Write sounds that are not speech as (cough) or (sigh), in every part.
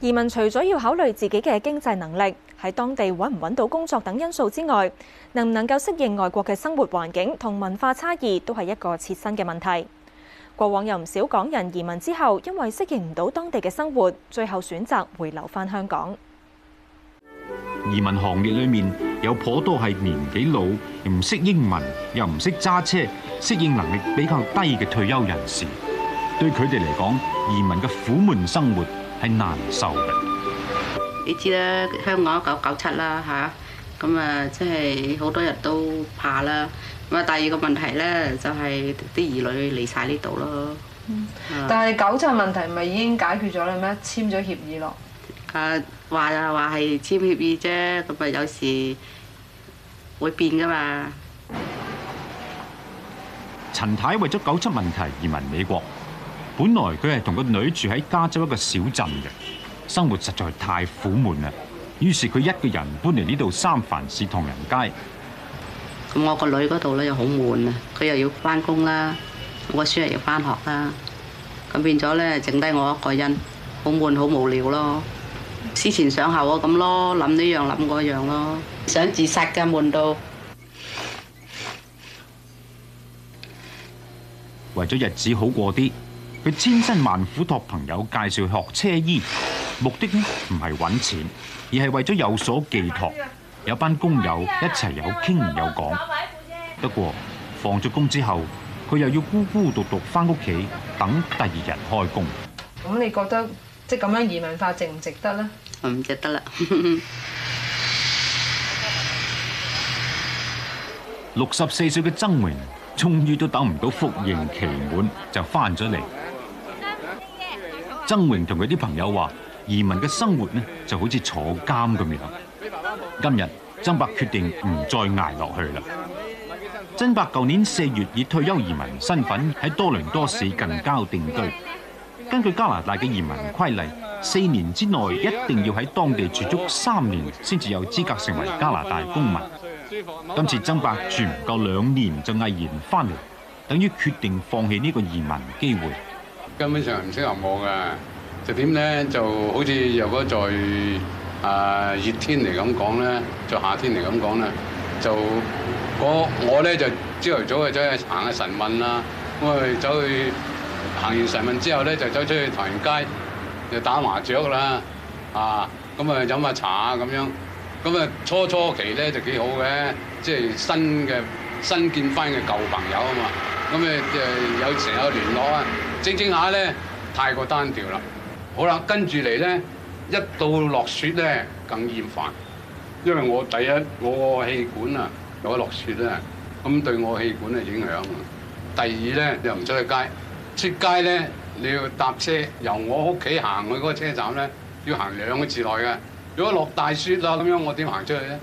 移民除咗要考慮自己嘅經濟能力、喺當地揾唔揾到工作等因素之外，能唔能夠適應外國嘅生活環境同文化差異都係一個切身嘅問題。過往有唔少港人移民之後，因為適應唔到當地嘅生活，最後選擇回流返香港。移民行業裡面有頗多係年紀老、唔識英文、又唔識揸車、適應能力比較低嘅退休人士，對佢哋嚟講，移民嘅苦悶生活，係難受嘅。你知啦，香港九九七啦吓，咁啊即係好多人都怕啦。咁啊第二個問題咧，就係啲兒女嚟晒呢度咯。嗯，但係九七問題唔係已經解決咗啦咩？簽咗協議咯。誒話就話係簽協議啫，咁啊有時會變噶嘛。陳太為咗九七問題移民美國。本來佢係同個女住喺加州一個小鎮嘅，生活實在太苦悶啦。於是佢一個人搬嚟呢度三藩市唐人街。咁我個女嗰度咧又好悶啊，佢又要翻工啦，我孫又要翻學啦，咁變咗咧，剩低我一個人，好悶好無聊咯。思前想後啊，咁咯，諗呢樣諗嗰樣咯，想自殺噶，悶到。為咗日子好過啲。佢千辛萬苦託朋友介紹學車衣，目的呢唔係揾錢，而係為咗有所寄託。有班工友一齊有傾有講。不過放咗工之後，佢又要孤孤獨獨翻屋企，等第二日開工。咁你覺得即係咁樣移民化值唔值得呢？唔值得啦。六十四歲嘅曾榮。終於都等唔到服刑期滿就翻咗嚟。 (music) 曾榮同佢啲朋友話：移民嘅生活呢就好似坐監咁樣。今日曾伯決定唔再挨落去啦。 (music) 曾伯舊年四月以退休移民身份喺多倫多市近郊定居。根據加拿大嘅移民規例，四年之內一定要喺當地住足三年，先至有資格成為加拿大公民。今次曾伯住唔夠兩年就毅然翻嚟，等於決定放棄呢個移民機會。根本上唔適合我㗎，就點咧？就好似如果在啊熱、呃、天嚟咁講咧，就夏天嚟咁講咧，就我我咧就朝頭早啊走，走去行下晨運啦。咁啊走去行完晨運之後咧，就走出去唐人街，就打麻雀啦，啊咁啊飲下茶啊咁樣。咁啊，初初期咧就幾好嘅，即係新嘅新建翻嘅舊朋友啊嘛，咁咧誒有時有聯絡啊，整整下咧太過單調啦。好啦，跟住嚟咧，一到落雪咧更厭煩，因為我第一我個氣管啊，如果落雪咧，咁對我氣管係影響。第二咧又唔出去街，出街咧你要搭車由我屋企行去嗰個車站咧，要行兩個字內嘅。如果落大雪啦，咁樣我點行出去呢？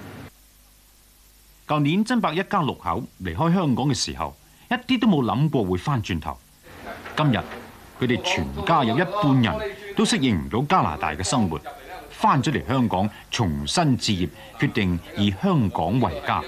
舊年曾伯一家六口離開香港嘅時候，一啲都冇諗過會翻轉頭。今日佢哋全家有一半人都適應唔到加拿大嘅生活，翻咗嚟香港重新置業，決定以香港為家。